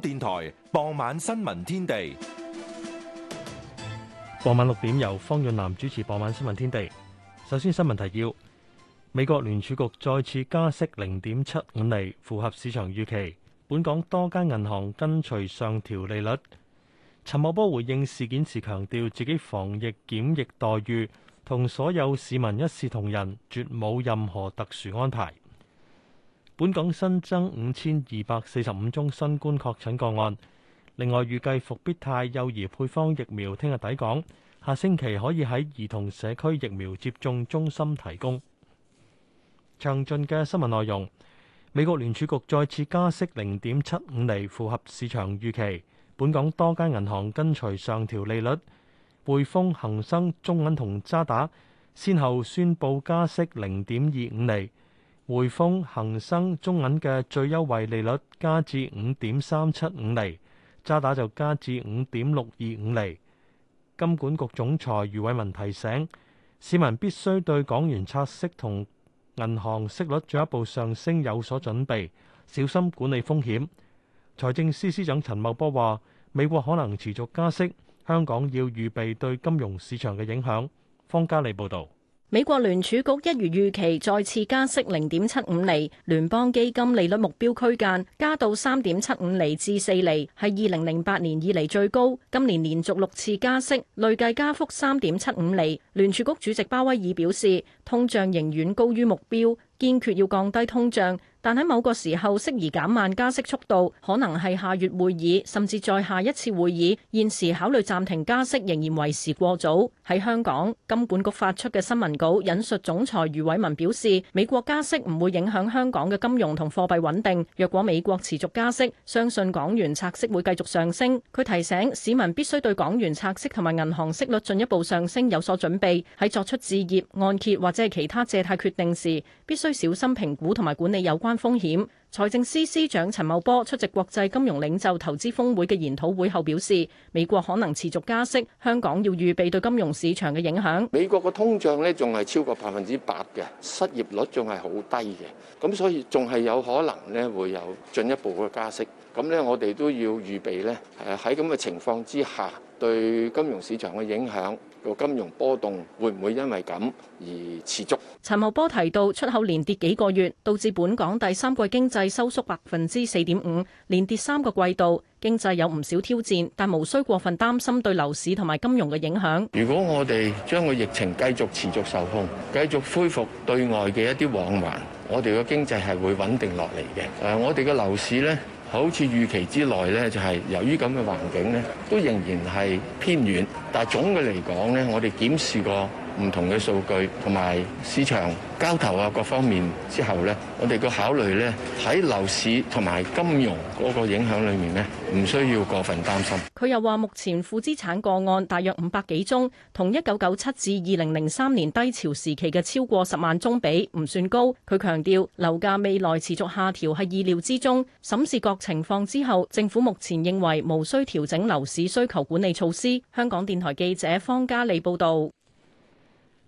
電台傍晚新聞天地，傍晚六點由方潤南主持。傍晚新聞天地，首先新聞提要：美國聯儲局再次加息零點七五厘，符合市場預期。本港多間銀行跟隨上調利率。陳茂波回應事件時強調，自己防疫檢疫待遇同所有市民一視同仁，絕冇任何特殊安排。本港新增五千二百四十五宗新冠確診個案，另外預計復必泰幼兒配方疫苗聽日抵港，下星期可以喺兒童社區疫苗接種中心提供。詳盡嘅新聞內容，美國聯儲局再次加息零點七五厘，符合市場預期。本港多間銀行跟隨上調利率，匯豐、恒生、中銀同渣打先後宣布加息零點二五厘。匯豐、恒生、中銀嘅最優惠利率加至五點三七五厘，渣打就加至五點六二五厘。金管局總裁余偉文提醒市民必須對港元拆息同銀行息率進一步上升有所準備，小心管理風險。財政司司長陳茂波話，美國可能持續加息，香港要預備對金融市場嘅影響。方嘉利報道。美國聯儲局一如預期再次加息零點七五厘，聯邦基金利率目標區間加到三點七五厘至四厘，係二零零八年以嚟最高。今年連續六次加息，累計加幅三點七五厘。聯儲局主席鮑威爾表示，通脹仍遠高於目標，堅決要降低通脹。但喺某個時候適宜減慢加息速度，可能係下月會議，甚至再下一次會議。現時考慮暫停加息仍然為時過早。喺香港金管局發出嘅新聞稿，引述總裁余偉文表示：美國加息唔會影響香港嘅金融同貨幣穩定。若果美國持續加息，相信港元拆息會繼續上升。佢提醒市民必須對港元拆息同埋銀行息率進一步上升有所準備，喺作出置業、按揭或者係其他借貸決定時，必須小心評估同埋管理有關風險。財政司司長陳茂波出席國際金融領袖投資峰會嘅研討會後表示，美國可能持續加息，香港要預備對金融市場嘅影響。美國嘅通脹咧仲係超過百分之八嘅，失業率仲係好低嘅，咁所以仲係有可能咧會有進一步嘅加息。咁咧，我哋都要預備咧，誒喺咁嘅情況之下對金融市場嘅影響。個金融波動會唔會因為咁而持續？陳茂波提到出口連跌幾個月，導致本港第三季經濟收縮百分之四點五，連跌三個季度，經濟有唔少挑戰，但無需過分擔心對樓市同埋金融嘅影響。如果我哋將個疫情繼續持續受控，繼續恢復對外嘅一啲往還，我哋嘅經濟係會穩定落嚟嘅。誒，我哋嘅樓市咧。好似預期之內咧，就係、是、由於咁嘅環境咧，都仍然係偏遠。但係總嘅嚟講咧，我哋檢視過。唔同嘅數據同埋市場交投啊，各方面之後呢，我哋嘅考慮呢，喺樓市同埋金融嗰個影響裏面呢，唔需要過分擔心。佢又話：目前負資產個案大約五百幾宗，同一九九七至二零零三年低潮時期嘅超過十萬宗比唔算高。佢強調樓價未來持續下調係意料之中。審視各情況之後，政府目前認為無需調整樓市需求管理措施。香港電台記者方嘉利報導。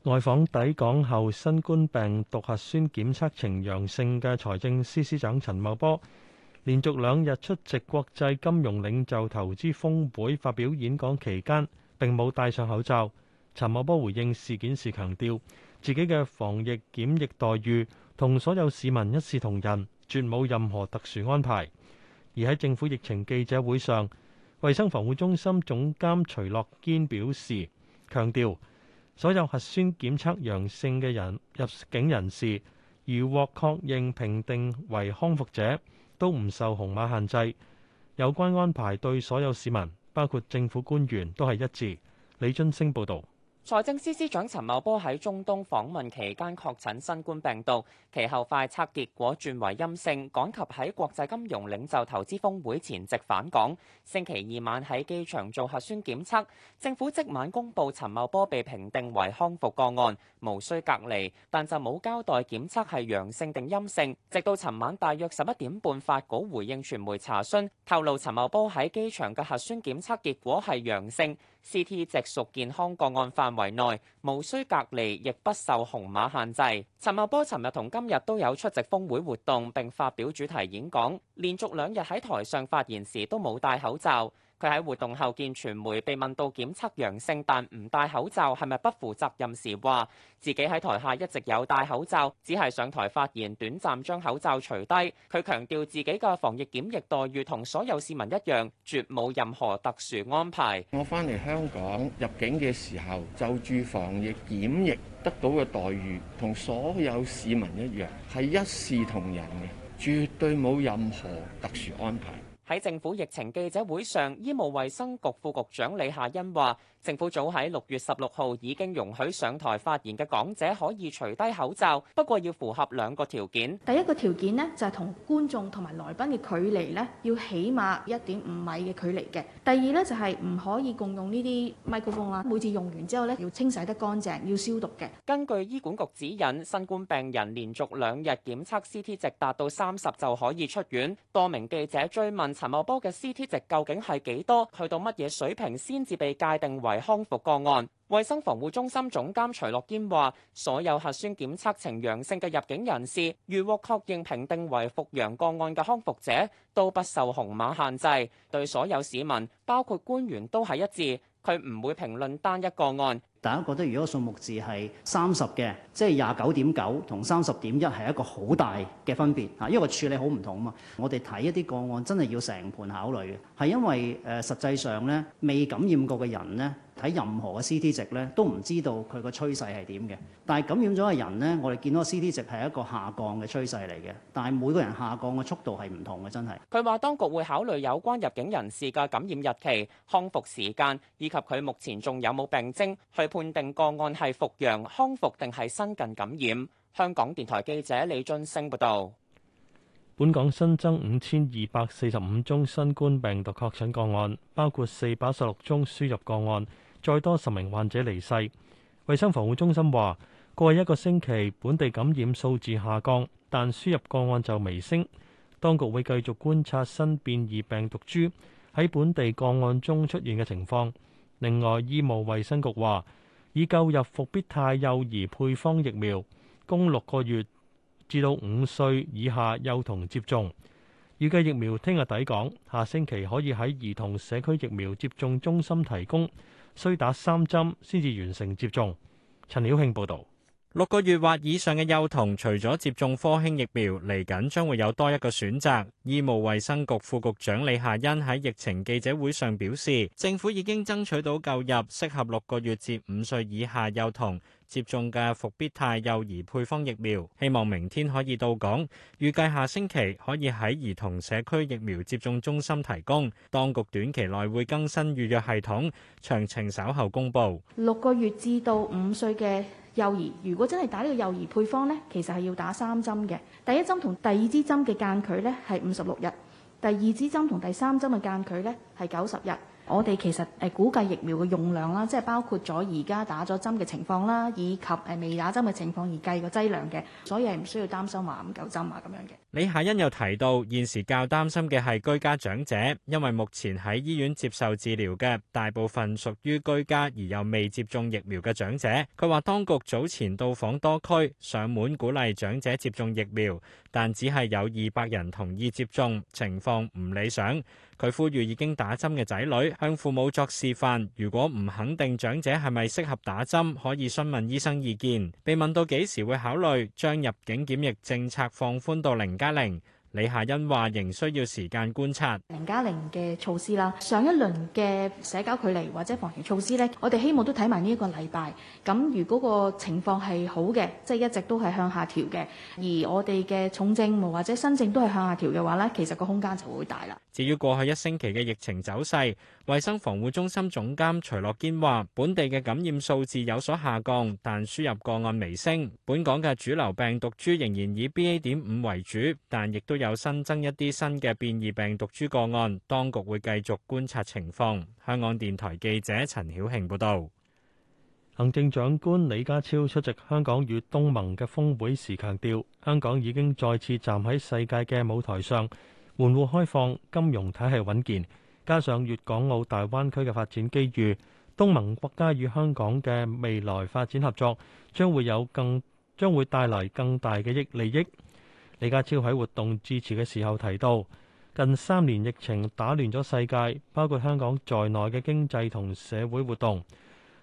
外訪抵港後新冠病毒核酸檢測呈陽性嘅財政司司長陳茂波，連續兩日出席國際金融領袖投資峰會發表演講期間，並冇戴上口罩。陳茂波回應事件時強調，自己嘅防疫檢疫待遇同所有市民一視同仁，絕冇任何特殊安排。而喺政府疫情記者會上，衛生防護中心總監徐樂堅表示，強調。所有核酸檢測陽性嘅人入境人士，如獲確認評定為康復者，都唔受紅碼限制。有關安排對所有市民，包括政府官員，都係一致。李津升報道。財政司司長陳茂波喺中東訪問期間確診新冠病毒，其後快測結果轉為陰性，趕及喺國際金融領袖投資峰會前夕返港。星期二晚喺機場做核酸檢測，政府即晚公布陳茂波被評定為康復個案，無需隔離，但就冇交代檢測係陽性定陰性。直到尋晚大約十一點半發稿，回應傳媒查詢，透露陳茂波喺機場嘅核酸檢測結果係陽性。CT 值屬健康個案範圍內，無需隔離，亦不受紅碼限制。陳茂波尋日同今日都有出席峰會活動並發表主題演講，連續兩日喺台上發言時都冇戴口罩。佢喺活動後見傳媒被問到檢測陽性但唔戴口罩係咪不，不負責任時，話自己喺台下一直有戴口罩，只係上台發言短暫將口罩除低。佢強調自己嘅防疫檢疫待遇同所有市民一樣，絕冇任何特殊安排。我翻嚟香港入境嘅時候，就住防疫檢疫得到嘅待遇同所有市民一樣，係一視同仁嘅，絕對冇任何特殊安排。喺政府疫情記者會上，醫務衛生局副局長李夏欣話政府早喺六月十六號已經容許上台發言嘅講者可以除低口罩，不過要符合兩個條件。第一個條件呢，就係同觀眾同埋來賓嘅距離呢，要起碼一點五米嘅距離嘅。第二呢，就係唔可以共用呢啲麥克風啦，每次用完之後呢，要清洗得乾淨，要消毒嘅。根據醫管局指引，新冠病人連續兩日檢測 C T 值達到三十就可以出院。多名記者追問。陳茂波嘅 CT 值究竟係幾多？去到乜嘢水平先至被界定為康復個案？衛生防護中心總監徐樂堅話：所有核酸檢測呈陽性嘅入境人士，如獲確認評定為復陽個案嘅康復者，都不受紅碼限制。對所有市民，包括官員都係一致，佢唔會評論單一個案。大家覺得如果數目字係三十嘅，即係廿九點九同三十點一係一個好大嘅分別啊，因為處理好唔同啊嘛。我哋睇一啲個案真係要成盤考慮嘅，係因為誒、呃、實際上咧未感染過嘅人咧。睇任何嘅 C T 值咧，都唔知道佢個趨勢係點嘅。但係感染咗嘅人咧，我哋見到 C T 值係一個下降嘅趨勢嚟嘅。但係每個人下降嘅速度係唔同嘅，真係。佢話：當局會考慮有關入境人士嘅感染日期、康復時間以及佢目前仲有冇病徵，去判定個案係復陽、康復定係新近感染。香港電台記者李俊升報導。本港新增五千二百四十五宗新冠病毒確診個案，包括四百十六宗輸入個案，再多十名患者離世。衛生防護中心話，過去一個星期本地感染數字下降，但輸入個案就微升。當局會繼續觀察新變異病毒株喺本地個案中出現嘅情況。另外，醫務衛生局話已購入復必泰幼兒配方疫苗，供六個月，至到五歲以下幼童接種，預計疫苗聽日抵港，下星期可以喺兒童社區疫苗接種中心提供，需打三針先至完成接種，陳曉慶報道。六個月或以上嘅幼童，除咗接種科興疫苗，嚟緊將會有多一個選擇。醫務衛生局副局長李夏茵喺疫情記者會上表示，政府已經爭取到購入適合六個月至五歲以下幼童接種嘅復必泰幼兒配方疫苗，希望明天可以到港，預計下星期可以喺兒童社區疫苗接種中心提供。當局短期內會更新預約系統，詳情稍後公布。六個月至到五歲嘅。幼兒如果真係打呢個幼兒配方咧，其實係要打三針嘅。第一針同第二支針嘅間距咧係五十六日，第二支針同第三針嘅間距咧係九十日。我哋其實誒估計疫苗嘅用量啦，即係包括咗而家打咗針嘅情況啦，以及誒未打針嘅情況而計個劑量嘅，所以係唔需要擔心話唔夠針啊咁樣嘅。李夏欣又提到，現時較擔心嘅係居家長者，因為目前喺醫院接受治療嘅大部分屬於居家而又未接種疫苗嘅長者。佢話，當局早前到訪多區，上門鼓勵長者接種疫苗，但只係有二百人同意接種，情況唔理想。佢呼籲已經打針嘅仔女，向父母作示範，如果唔肯定長者係咪適合打針，可以詢問醫生意見。被問到幾時會考慮將入境檢疫政策放寬到零加零。李夏欣話：仍需要時間觀察零加零嘅措施啦。上一輪嘅社交距離或者防疫措施呢，我哋希望都睇埋呢一個禮拜。咁如果個情況係好嘅，即係一直都係向下調嘅，而我哋嘅重症或者新症都係向下調嘅話呢，其實個空間就會大啦。至於過去一星期嘅疫情走勢，衞生防護中心總監徐樂堅話：本地嘅感染數字有所下降，但輸入個案微升。本港嘅主流病毒株仍然以 BA. 點五為主，但亦都。有新增一啲新嘅變異病毒株個案，當局會繼續觀察情況。香港電台記者陳曉慶報導。行政長官李家超出席香港與東盟嘅峰會時強調，香港已經再次站喺世界嘅舞台上，門戶開放，金融體系穩健，加上粵港澳大灣區嘅發展機遇，東盟國家與香港嘅未來發展合作將會有更將會帶嚟更大嘅益利益。李家超喺活動致辭嘅時候提到，近三年疫情打亂咗世界，包括香港在內嘅經濟同社會活動。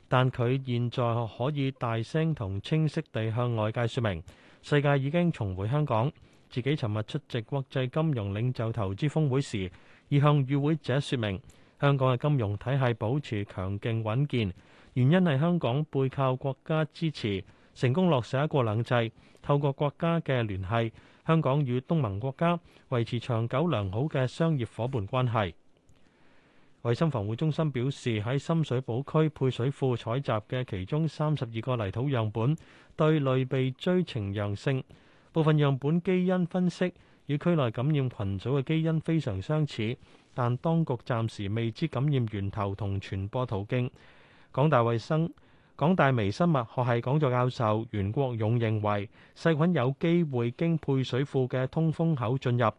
但佢現在可以大聲同清晰地向外界説明，世界已經重回香港。自己尋日出席國際金融領袖投資峯會時，已向與會者説明，香港嘅金融體系保持強勁穩健，原因係香港背靠國家支持，成功落實一國兩制，透過國家嘅聯繫。香港與東盟國家維持長久良好嘅商業伙伴關係。衞生防護中心表示，喺深水埗區配水庫採集嘅其中三十二個泥土樣本對類鼻疽呈陽性，部分樣本基因分析與區內感染群組嘅基因非常相似，但當局暫時未知感染源頭同傳播途徑。港大衞生。港大微生物學系講座教授袁國勇認為，細菌有機會經配水庫嘅通風口進入。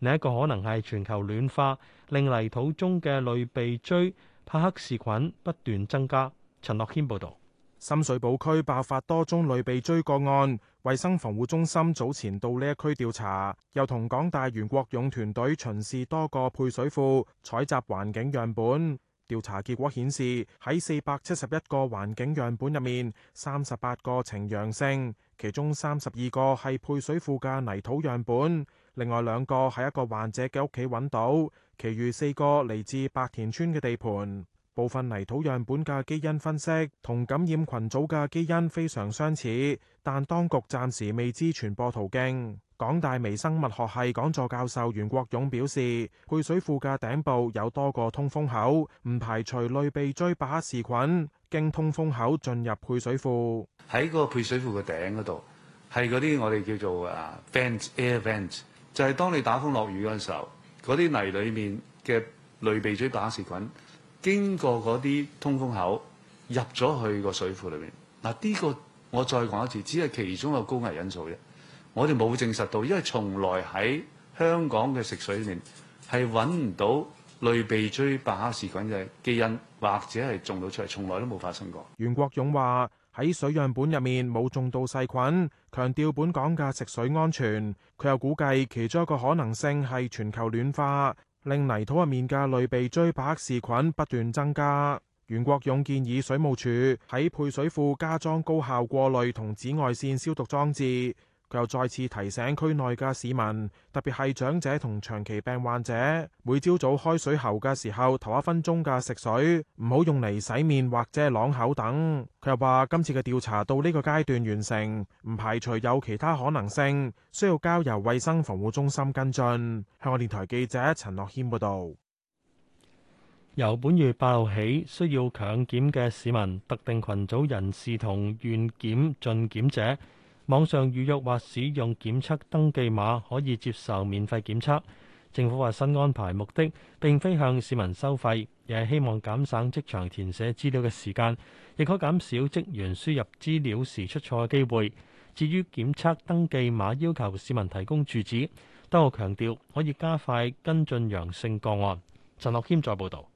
另一個可能係全球暖化，令泥土中嘅類鼻疽伯克氏菌不斷增加。陳樂謙報道。深水埗區爆發多宗類鼻疽個案，衛生防護中心早前到呢一區調查，又同港大袁國勇團隊巡視多個配水庫，採集環境樣本。調查結果顯示，喺四百七十一個環境樣本入面，三十八個呈陽性，其中三十二個係配水庫嘅泥土樣本，另外兩個喺一個患者嘅屋企揾到，其餘四個嚟自白田村嘅地盤。部分泥土樣本嘅基因分析同感染群組嘅基因非常相似，但當局暫時未知傳播途徑。港大微生物學系講座教授袁國勇表示，配水庫嘅頂部有多個通風口，唔排除類鼻錐伯克氏菌經通風口進入配水庫。喺個配水庫嘅頂嗰度，係嗰啲我哋叫做啊 fans air vent 就係當你打風落雨嘅時候，嗰啲泥裏面嘅類鼻錐伯克氏菌經過嗰啲通風口入咗去個水庫裏面。嗱、這、呢個我再講一次，只係其中嘅高危因素啫。我哋冇證實到，因為從來喺香港嘅食水入面係揾唔到類鼻疽伯克氏菌嘅基因，或者係種到出嚟，從來都冇發生過。袁國勇話：喺水樣本入面冇種到細菌，強調本港嘅食水安全。佢又估計其中一個可能性係全球暖化，令泥土入面嘅類鼻疽伯克氏菌不斷增加。袁國勇建議水務署喺配水庫加裝高效過濾同紫外線消毒裝置。佢又再次提醒區內嘅市民，特別係長者同長期病患者，每朝早開水喉嘅時候，頭一分鐘嘅食水，唔好用嚟洗面或者啷口等。佢又話今次嘅調查到呢個階段完成，唔排除有其他可能性，需要交由衛生防護中心跟進。香港電台記者陳樂謙報道。由本月八號起，需要強檢嘅市民、特定群組人士同願檢盡檢者。網上預約或使用檢測登記碼，可以接受免費檢測。政府話新安排目的並非向市民收費，而係希望減省職場填寫資料嘅時間，亦可減少職員輸入資料時出錯嘅機會。至於檢測登記碼要求市民提供住址，多個強調可以加快跟進陽性個案。陳樂謙再報道。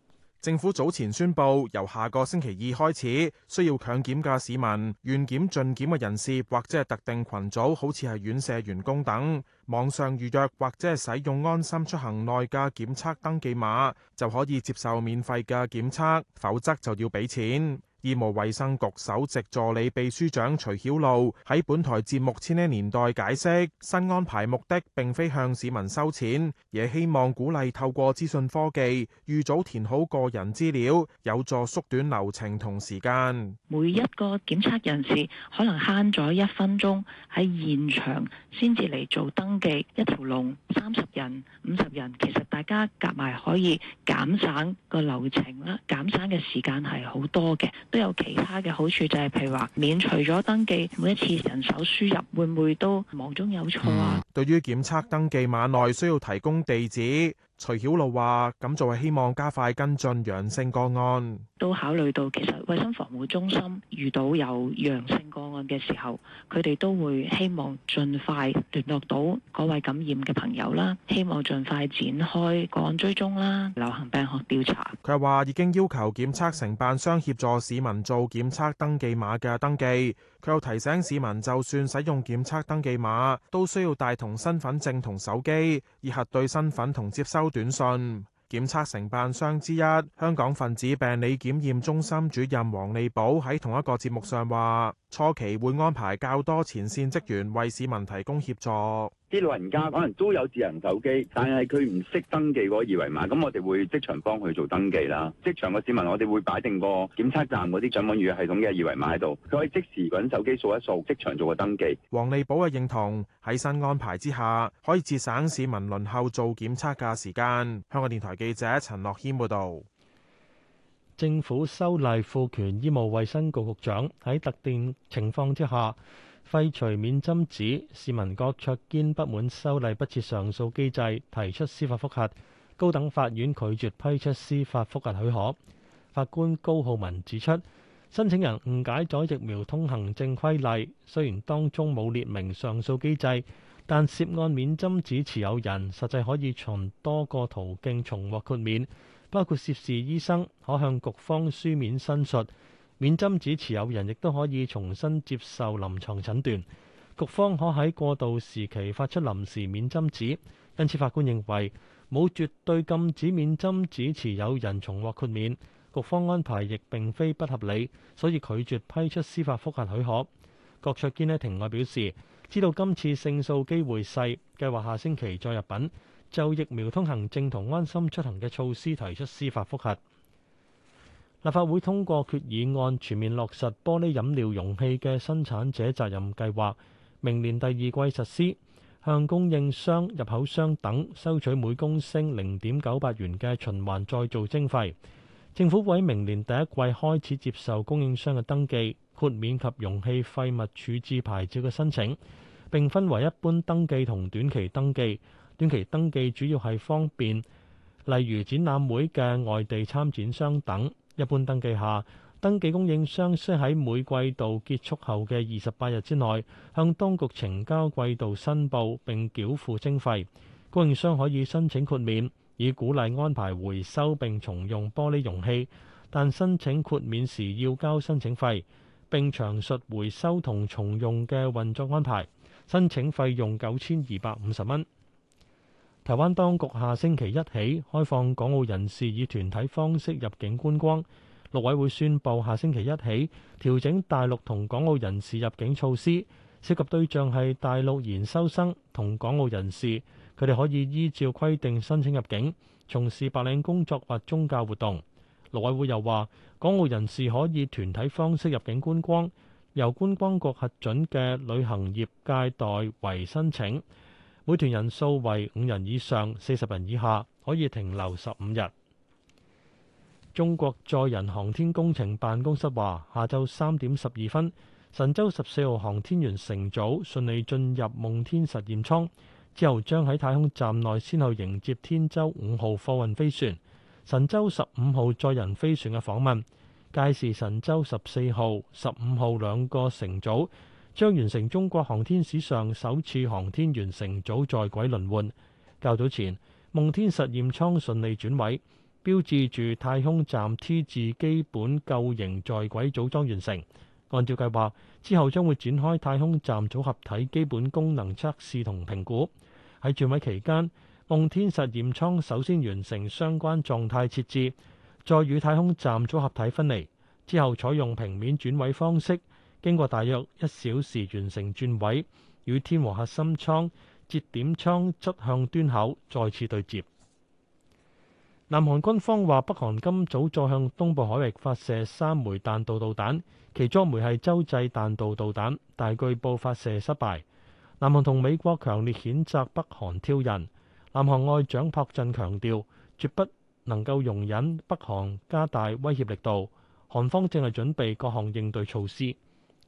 政府早前宣布，由下個星期二開始，需要強檢嘅市民，願檢盡檢嘅人士或者係特定群組，好似係院舍員工等，網上預約或者係使用安心出行內嘅檢測登記碼，就可以接受免費嘅檢測，否則就要俾錢。醫務衛生局首席助理秘書長徐曉露喺本台節目《千禧年代》解釋，新安排目的並非向市民收錢，也希望鼓勵透過資訊科技，預早填好個人資料，有助縮短流程同時間。每一個檢測人士可能慳咗一分鐘喺現場先至嚟做登記，一條龍三十人、五十人，其實大家夾埋可以減省個流程啦，減省嘅時間係好多嘅。都有其他嘅好處，就係、是、譬如話免除咗登記，每一次人手輸入會唔會都忙中有錯啊？嗯對於檢測登記碼內需要提供地址，徐曉露話，咁就係希望加快跟進陽性個案。都考慮到其實衛生防護中心遇到有陽性個案嘅時候，佢哋都會希望盡快聯絡到嗰位感染嘅朋友啦，希望盡快展開個案追蹤啦、流行病學調查。佢話已經要求檢測承辦商協助市民做檢測登記碼嘅登記。佢又提醒市民，就算使用檢測登記碼，都需要帶同身份證同手機，以核對身份同接收短信。檢測承辦商之一香港分子病理檢驗中心主任黃利寶喺同一個節目上話，初期會安排較多前線職員為市民提供協助。啲老人家可能都有智能手機，但係佢唔識登記嗰個二維碼，咁我哋會即場幫佢做登記啦。即場嘅市民，我哋會擺定個檢測站嗰啲掌網預約系統嘅二維碼喺度，佢可以即時揾手機掃一掃，即場做個登記。黃利保嘅認同喺新安排之下，可以節省市民輪候做檢測嘅時間。香港電台記者陳樂軒報導。政府修例賦權醫務衛生局局長喺特定情況之下，廢除免針紙，市民郭卓堅不滿修例不設上訴機制，提出司法覆核。高等法院拒絕批出司法覆核許可。法官高浩文指出，申請人誤解咗疫苗通行證規例，雖然當中冇列明上訴機制，但涉案免針紙持有人實際可以從多個途徑重獲豁免，包括涉事醫生可向局方書面申述。免針紙持有人亦都可以重新接受臨床診斷，局方可喺過渡時期發出臨時免針紙。因此，法官認為冇絕對禁止免針紙持有人重獲豁免，局方安排亦並非不合理，所以拒絕批出司法覆核許可。郭卓堅呢，庭外表示，知道今次勝訴機會細，計劃下星期再入稟就疫苗通行證同安心出行嘅措施提出司法覆核。立法會通過決議案，全面落實玻璃飲料容器嘅生產者責任計劃，明年第二季實施，向供應商、入口商等收取每公升零點九八元嘅循環再造徵費。政府會明年第一季開始接受供應商嘅登記豁免及容器廢物處置牌照嘅申請，並分為一般登記同短期登記。短期登記主要係方便，例如展覽會嘅外地參展商等。一般登記下，登記供應商需喺每季度結束後嘅二十八日之內向當局呈交季度申報並繳付徵費。供應商可以申請豁免，以鼓勵安排回收並重用玻璃容器，但申請豁免時要交申請費，並詳述回收同重用嘅運作安排。申請費用九千二百五十蚊。台灣當局下星期一起開放港澳人士以團體方式入境觀光。陸委會宣布下星期一起調整大陸同港澳人士入境措施，涉及對象係大陸研修生同港澳人士，佢哋可以依照規定申請入境，從事白領工作或宗教活動。陸委會又話，港澳人士可以團體方式入境觀光，由觀光局核准嘅旅行業界代為申請。每團人數為五人以上、四十人以下，可以停留十五日。中國載人航天工程辦公室話：下晝三點十二分，神舟十四號航天員乘組順利進入夢天實驗艙，之後將喺太空站內先後迎接天舟五號貨運飛船、神舟十五號載人飛船嘅訪問。屆時神，神舟十四號、十五號兩個乘組，將完成中國航天史上首次航天員乘組在軌輪換。較早前，夢天實驗艙順利轉位，標誌住太空站 T 字基本構型在軌組裝完成。按照計劃，之後將會展開太空站組合體基本功能測試同評估。喺轉位期間，夢天實驗艙首先完成相關狀態設置，再與太空站組合體分離，之後採用平面轉位方式。經過大約一小時完成轉位，與天和核心艙節點艙側向端口再次對接。南韓軍方話，北韓今早再向東部海域發射三枚彈道導彈，其中一枚係洲際彈道導彈，但據報發射失敗。南韓同美國強烈譴責北韓挑釁。南韓外長朴振強調，絕不能夠容忍北韓加大威脅力度。韓方正係準備各項應對措施。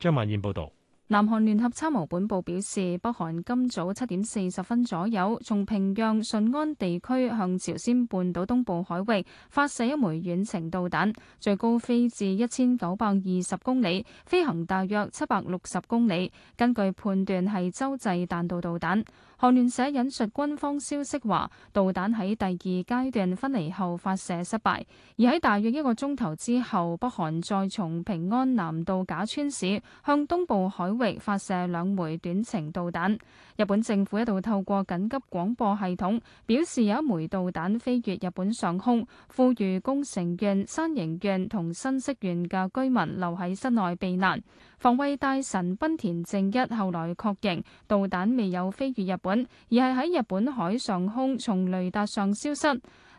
張曼燕報道，南韓聯合參謀本部表示，北韓今早七點四十分左右，從平壤順安地區向朝鮮半島東部海域發射一枚遠程導彈，最高飛至一千九百二十公里，飛行大約七百六十公里。根據判斷，係洲際彈道導彈。韓聯社引述軍方消息話，導彈喺第二階段分離後發射失敗，而喺大約一個鐘頭之後，北韓再從平安南道假川市向東部海域發射兩枚短程導彈。日本政府一度透過緊急廣播系統表示有一枚導彈飛越日本上空，呼籲宮城縣、山形縣同新潟縣嘅居民留喺室內避難。防衛大臣濱田正一後來確認，導彈未有飛越日本，而係喺日本海上空從雷達上消失。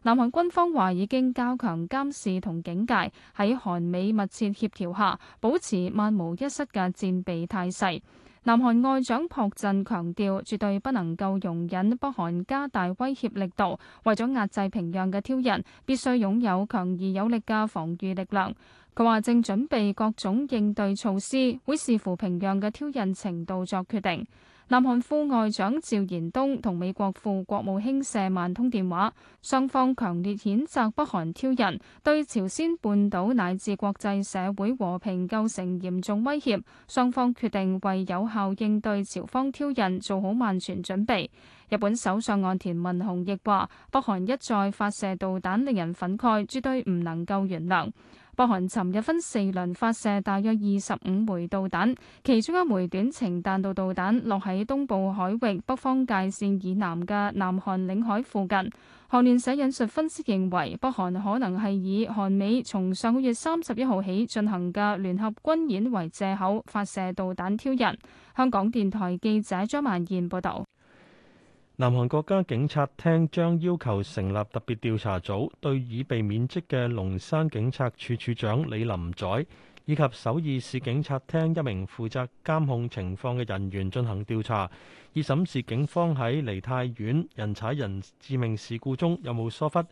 南韓軍方話已經加強監視同警戒，喺韓美密切協調下，保持萬無一失嘅戰備態勢。南韓外長朴振強調，絕對不能夠容忍北韓加大威脅力度，為咗壓制平壤嘅挑釁，必須擁有強而有力嘅防御力量。佢話：正準備各種應對措施，會視乎平壤嘅挑釁程度作決定。南韓副外長趙延東同美國副國務卿舍曼通電話，雙方強烈譴責北韓挑釁，對朝鮮半島乃至國際社會和平構成嚴重威脅。雙方決定為有效應對朝方挑釁做好萬全準備。日本首相岸田文雄亦話：北韓一再發射導彈，令人憤慨，絕對唔能夠原諒。北韓尋日分四輪發射大約二十五枚導彈，其中一枚短程彈道導彈落喺東部海域、北方界線以南嘅南韓領海附近。韓聯社引述分析認為，北韓可能係以韓美從上個月三十一號起進行嘅聯合軍演為藉口發射導彈挑釁。香港電台記者張曼燕報導。南韓國家警察廳將要求成立特別調查組，對已被免職嘅龍山警察處處長李林宰以及首爾市警察廳一名負責監控情況嘅人員進行調查，以審視警方喺梨泰院人踩人致命事故中有冇疏忽。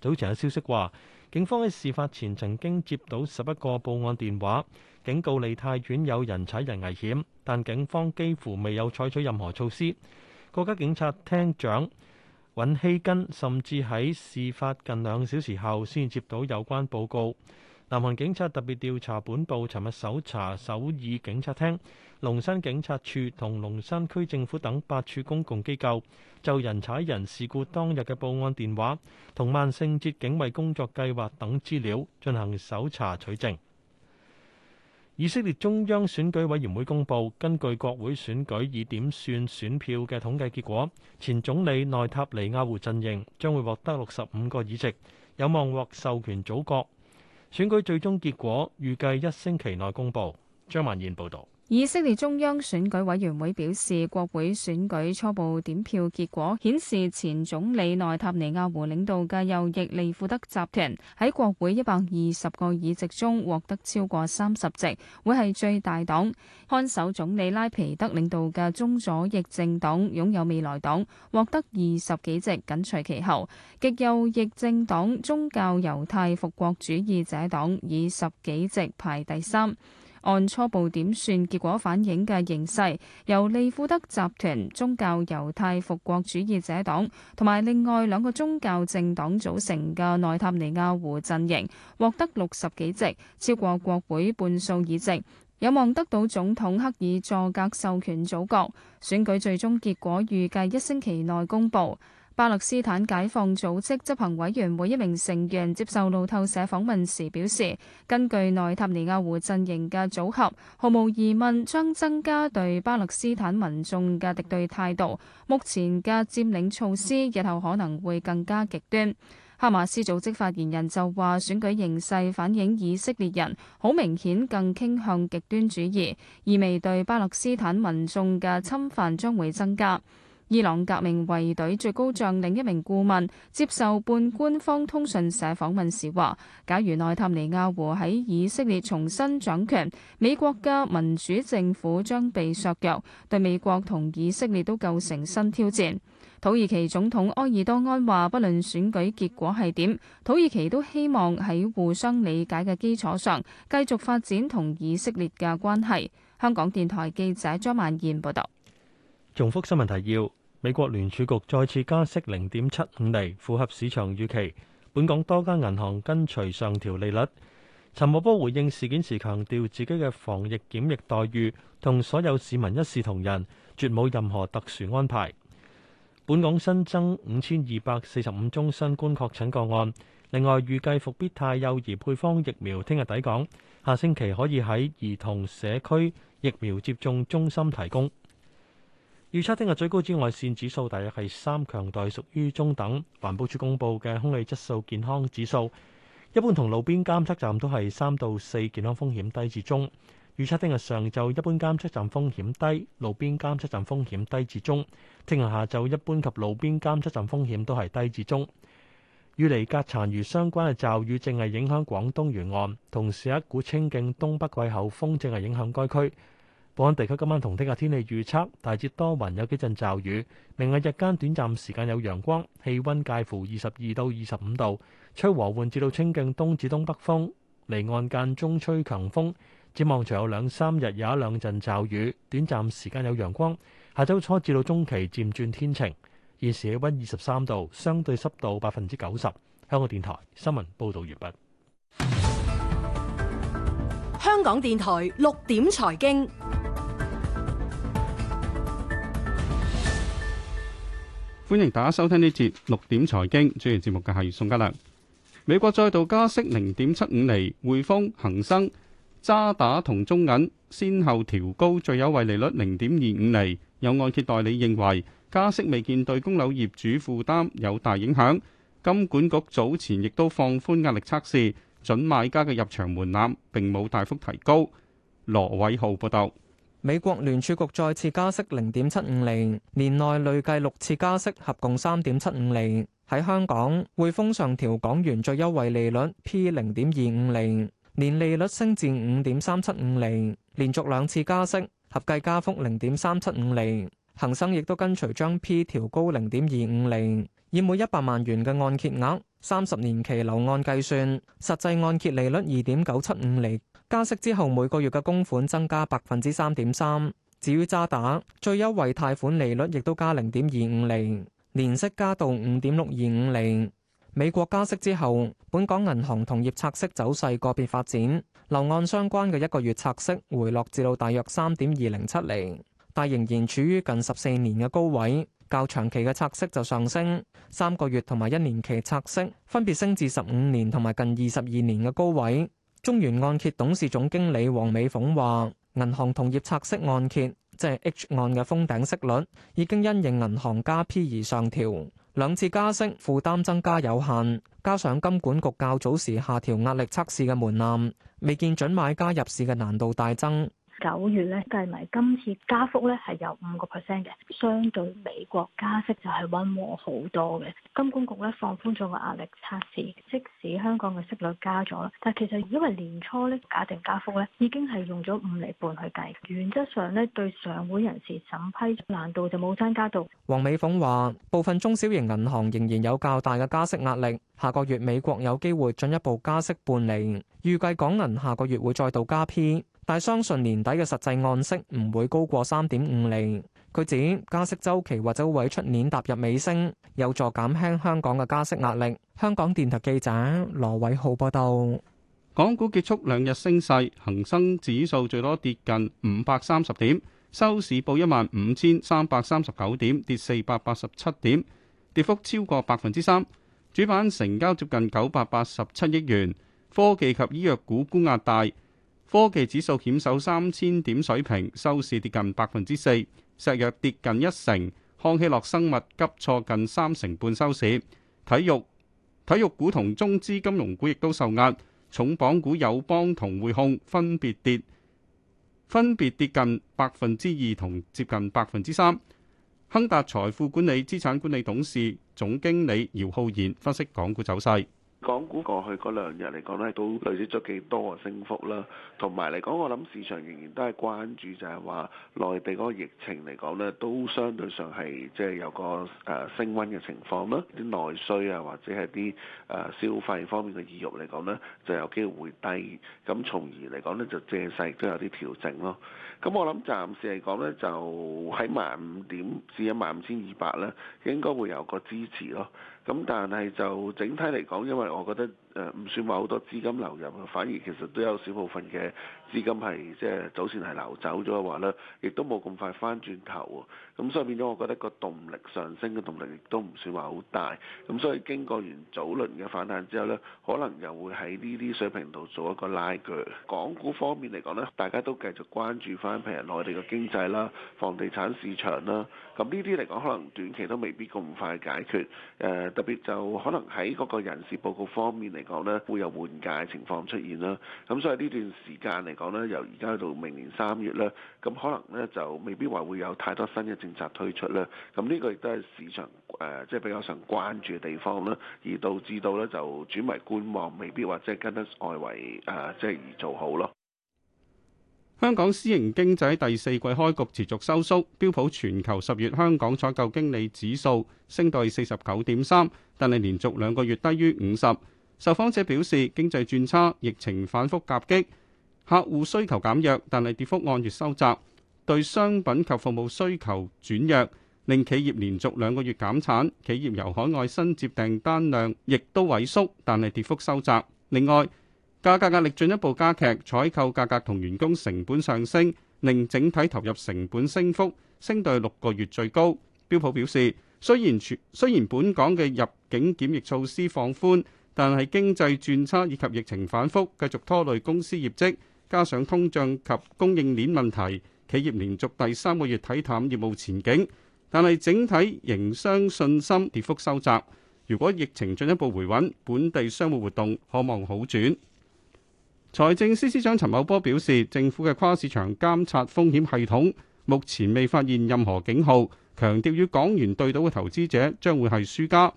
早前有消息話，警方喺事發前曾經接到十一個報案電話，警告梨泰院有人踩人危險，但警方幾乎未有採取任何措施。國家警察廳長尹希根甚至喺事發近兩小時後先接到有關報告。南韓警察特別調查本部尋日搜查首爾警察廳、龍山警察處同龍山區政府等八處公共機構，就人踩人事故當日嘅報案電話同萬聖節警衛工作計劃等資料進行搜查取證。以色列中央選舉委員會公布，根據國會選舉以點算選票嘅統計結果，前總理內塔尼亞胡陣營將會獲得六十五個議席，有望獲授權組閣。選舉最終結果預計一星期內公布。張曼燕報道。以色列中央選舉委員會表示，國會選舉初步點票結果顯示，前總理內塔尼亞胡領導嘅右翼利庫德集團喺國會一百二十個議席中獲得超過三十席，會係最大黨。看守總理拉皮德領導嘅中左翼政黨擁有未來黨獲得二十幾席，緊隨其後，極右翼政黨宗教猶太復國主義者黨以十幾席排第三。按初步點算結果反映嘅形勢，由利庫德集團宗教猶太復國主義者黨同埋另外兩個宗教政黨組成嘅內塔尼亞胡陣營獲得六十幾席，超過國會半數議席，有望得到總統克爾佐格授權組閣。選舉最終結果預計一星期內公布。巴勒斯坦解放組織執行委員會一名成員接受路透社訪問時表示，根據內塔尼亞胡陣營嘅組合，毫無疑問將增加對巴勒斯坦民眾嘅敵對態度。目前嘅佔領措施，日後可能會更加極端。哈馬斯組織發言人就話，選舉形勢反映以色列人好明顯更傾向極端主義，意味對巴勒斯坦民眾嘅侵犯將會增加。伊朗革命衛隊最高將領一名顧問接受半官方通訊社訪問時話，假如內塔尼亞胡喺以色列重新掌權，美國嘅民主政府將被削弱，對美國同以色列都構成新挑戰。土耳其總統埃爾多安話，不論選舉結果係點，土耳其都希望喺互相理解嘅基礎上繼續發展同以色列嘅關係。香港電台記者張曼燕報道。重複新聞提要。美國聯儲局再次加息零點七五厘，符合市場預期。本港多間銀行跟隨上調利率。陳茂波回應事件時強調，自己嘅防疫檢疫待遇同所有市民一視同仁，絕冇任何特殊安排。本港新增五千二百四十五宗新冠確診個案。另外，預計復必泰幼兒配方疫苗聽日抵港，下星期可以喺兒童社區疫苗接種中心提供。預測聽日最高紫外線指數大約係三強度，屬於中等。環保署公布嘅空氣質素健康指數，一般同路邊監測站都係三到四，健康風險低至中。預測聽日上晝一般監測站風險低，路邊監測站風險低至中。聽日下晝一般及路邊監測站風險都係低至中。與尼格殘餘相關嘅驟雨，正係影響廣東沿岸，同時一股清勁東北季候風，正係影響該區。本港地區今晚同聽日天氣預測，大致多雲，有幾陣驟雨，明日日間短暫時間有陽光，氣溫介乎二十二到二十五度，吹和緩至到清勁東至東北風，離岸間中吹強風，展望長有兩三日有一兩陣驟雨，短暫時間有陽光。下周初至到中期漸轉天晴。現時氣溫二十三度，相對濕度百分之九十。香港電台新聞報道完畢，香港電台六點財經。歡迎大家收聽呢節六點財經，主持節目嘅係宋嘉良。美國再度加息零點七五厘，滙豐、恒生、渣打同中銀先後調高最優惠利率零點二五厘。有按揭代理認為，加息未見對供樓業主負擔有大影響。金管局早前亦都放寬壓力測試，準買家嘅入場門檻並冇大幅提高。羅偉浩報道。美國聯儲局再次加息0.75厘，年內累計六次加息，合共3.75厘。喺香港，匯豐上調港元最優惠利率 p0.25 厘，年利率升至5.375厘，連續兩次加息，合計加幅0.375厘。恒生亦都跟隨將 p 調高0.25厘，以每一百萬元嘅按揭額，三十年期樓按計算，實際按揭利率2.975厘。加息之後，每個月嘅供款增加百分之三點三。至於渣打最優惠貸款利率，亦都加零點二五釐，年息加到五點六二五釐。美國加息之後，本港銀行同業拆息走勢個別發展。樓按相關嘅一個月拆息回落至到大約三點二零七釐，但仍然處於近十四年嘅高位。較長期嘅拆息就上升，三個月同埋一年期拆息分別升至十五年同埋近二十二年嘅高位。中原按揭董事總經理黃美鳳話，銀行同業拆息按揭，即係 H 按嘅封頂息率，已經因應銀行加 P 而上調，兩次加息負擔增加有限，加上金管局較早時下調壓力測試嘅門檻，未見準買家入市嘅難度大增。九月咧計埋今次加幅咧係有五個 percent 嘅，相對美國加息就係溫和好多嘅。金管局咧放寬咗個壓力測試，即使香港嘅息率加咗，但其實因為年初咧假定加幅咧已經係用咗五厘半去計，原則上咧對上會人士審批難度就冇增加到。黃美鳳話：部分中小型銀行仍然有較大嘅加息壓力，下個月美國有機會進一步加息半釐，預計港銀下個月會再度加 P。但相信年底嘅實際按息唔會高過三點五厘，佢指加息周期或者會出年踏入尾聲，有助減輕香港嘅加息壓力。香港電台記者羅偉浩報道，港股結束兩日升勢，恒生指數最多跌近五百三十點，收市報一萬五千三百三十九點，跌四百八十七點，跌幅超過百分之三。主板成交接近九百八十七億元，科技及醫藥股沽壓大。科技指數險守三千點水平，收市跌近百分之四，石藥跌近一成，康希諾生物急挫近三成半收市。體育、體育股同中資金融股亦都受壓，重磅股友邦同匯控分別跌，分別跌近百分之二同接近百分之三。亨達財富管理資產管理董事總經理姚浩然分析港股走勢。港股過去嗰兩日嚟講咧，都累積咗幾多升幅啦。同埋嚟講，我諗市場仍然都係關注就係話內地嗰個疫情嚟講咧，都相對上係即係有個誒升溫嘅情況啦。啲內需啊，或者係啲誒消費方面嘅意欲嚟講咧，就有機會會低。咁從而嚟講咧，就借勢都有啲調整咯。咁我諗暫時嚟講咧，就喺萬五點至一萬五千二百咧，應該會有個支持咯。咁但係就整體嚟講，因為我覺得。誒唔、呃、算話好多資金流入，反而其實都有少部分嘅資金係即係早前係流走咗嘅話咧，亦都冇咁快翻轉頭喎。咁所以變咗，我覺得個動力上升嘅動力亦都唔算話好大。咁所以經過完早輪嘅反彈之後咧，可能又會喺呢啲水平度做一個拉鋸。港股方面嚟講咧，大家都繼續關注翻譬如內地嘅經濟啦、房地產市場啦。咁呢啲嚟講可能短期都未必咁快解決誒、呃，特別就可能喺嗰個人事報告方面嚟講咧，會有換屆嘅情況出現啦。咁所以呢段時間嚟講咧，由而家去到明年三月咧，咁可能呢就未必話會有太多新嘅政策推出啦。咁呢個亦都係市場誒，即係比較常關注嘅地方啦，而導致到呢就轉為觀望，未必話即係跟得外圍誒，即係而做好咯。香港私營經濟第四季開局持續收縮，標普全球十月香港採購經理指數升到四十九點三，但係連續兩個月低於五十。受訪者表示，經濟轉差，疫情反覆夾擊，客戶需求減弱，但係跌幅按月收窄。對商品及服務需求轉弱，令企業連續兩個月減產。企業由海外新接訂單量亦都萎縮，但係跌幅收窄。另外，價格壓力進一步加劇，採購價格同員工成本上升，令整體投入成本升幅升到六個月最高。標普表示，雖然雖然本港嘅入境檢疫措施放寬，但係經濟轉差以及疫情反覆繼續拖累公司業績，加上通脹及供應鏈問題，企業連續第三個月睇淡業務前景。但係整體營商信心跌幅收窄。如果疫情進一步回穩，本地商務活動可望好轉。財政司司長陳茂波表示，政府嘅跨市場監察風險系統目前未發現任何警號，強調與港元對賭嘅投資者將會係輸家。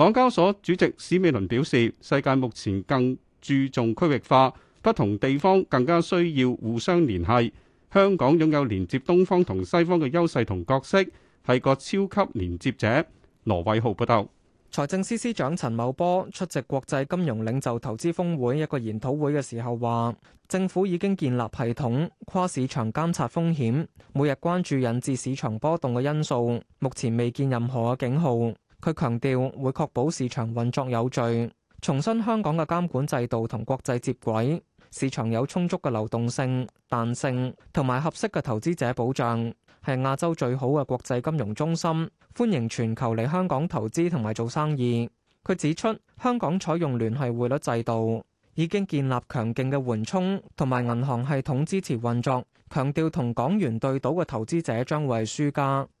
港交所主席史美倫表示，世界目前更注重區域化，不同地方更加需要互相聯繫，香港擁有連接東方同西方嘅優勢同角色，係個超級連接者。羅偉浩報道，財政司司長陳茂波出席國際金融領袖投資峰會一個研討會嘅時候話，政府已經建立系統跨市場監察風險，每日關注引致市場波動嘅因素，目前未見任何嘅警號。佢強調會確保市場運作有序，重申香港嘅監管制度同國際接軌，市場有充足嘅流動性、彈性同埋合適嘅投資者保障，係亞洲最好嘅國際金融中心，歡迎全球嚟香港投資同埋做生意。佢指出，香港採用聯繫匯率制度，已經建立強勁嘅緩衝同埋銀行系統支持運作，強調同港元對賭嘅投資者將會係輸家。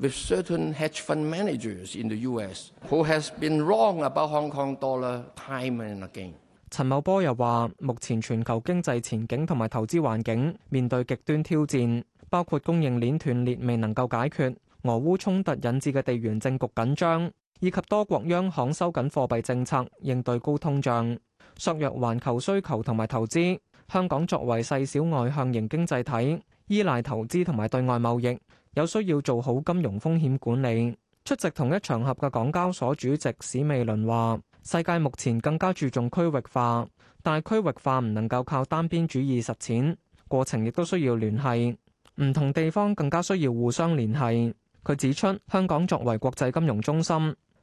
with certain hedge fund managers in the U.S. who has been wrong about Hong Kong dollar time and again。陳茂波又話：目前全球經濟前景同埋投資環境面對極端挑戰，包括供應鏈斷裂未能夠解決、俄烏衝突引致嘅地緣政局緊張，以及多國央行收緊貨幣政策，應對高通脹，削弱環球需求同埋投資。香港作為細小外向型經濟體，依賴投資同埋對外貿易。有需要做好金融風險管理。出席同一場合嘅港交所主席史美倫話，世界目前更加注重區域化，但係區域化唔能夠靠單邊主義實踐，過程亦都需要聯繫，唔同地方更加需要互相聯繫。佢指出，香港作為國際金融中心，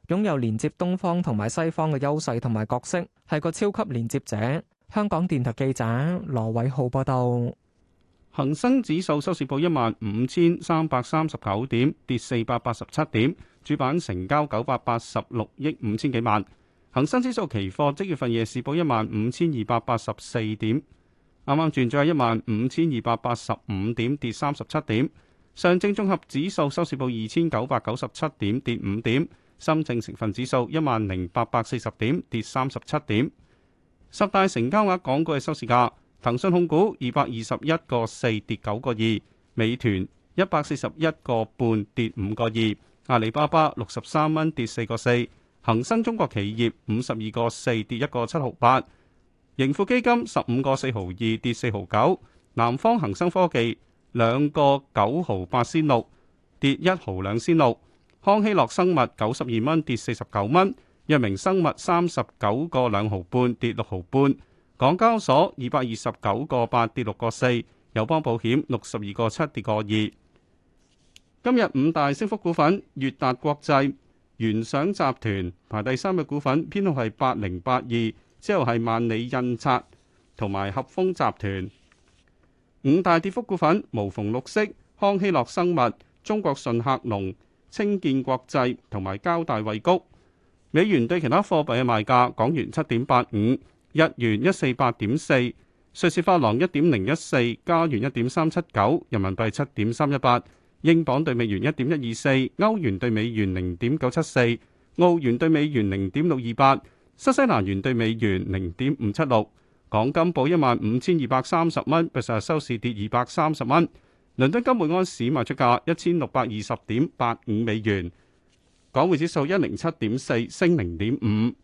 擁有連接東方同埋西方嘅優勢同埋角色，係個超級連接者。香港電台記者羅偉浩報道。恒生指數收市報一萬五千三百三十九點，跌四百八十七點，主板成交九百八十六億五千幾萬。恒生指數期貨即月份夜市報一萬五千二百八十四點，啱啱轉咗一萬五千二百八十五點，跌三十七點。上證綜合指數收市報二千九百九十七點，跌五點。深證成分指數一萬零八百四十點，跌三十七點。十大成交額港股嘅收市價。騰訊控股二百二十一個四跌九個二，美團一百四十一個半跌五個二，阿里巴巴六十三蚊跌四個四，恒生中國企業五十二個四跌一個七毫八，盈富基金十五個四毫二跌四毫九，南方恒生科技兩個九毫八仙六跌一毫兩仙六，康希諾生物九十二蚊跌四十九蚊，藥明生物三十九個兩毫半跌六毫半。港交所二百二十九個八跌六個四，友邦保險六十二個七跌個二。今日五大升幅股份：越達國際、元想集團排第三嘅股份，編號係八零八二，之後係萬里印刷同埋合豐集團。五大跌幅股份：無縫綠色、康希諾生物、中國順客隆、清建國際同埋交大惠谷。美元對其他貨幣嘅賣價，港元七點八五。日元一四八點四，瑞士法郎一點零一四，加元一點三七九，人民幣七點三一八，英鎊兌美元一點一二四，歐元兌美元零點九七四，澳元兌美元零點六二八，新西蘭元兌美元零點五七六。港金報一萬五千二百三十蚊，比上日收市跌二百三十蚊。倫敦金每盎司賣出價一千六百二十點八五美元。港匯指數一零七點四，升零點五。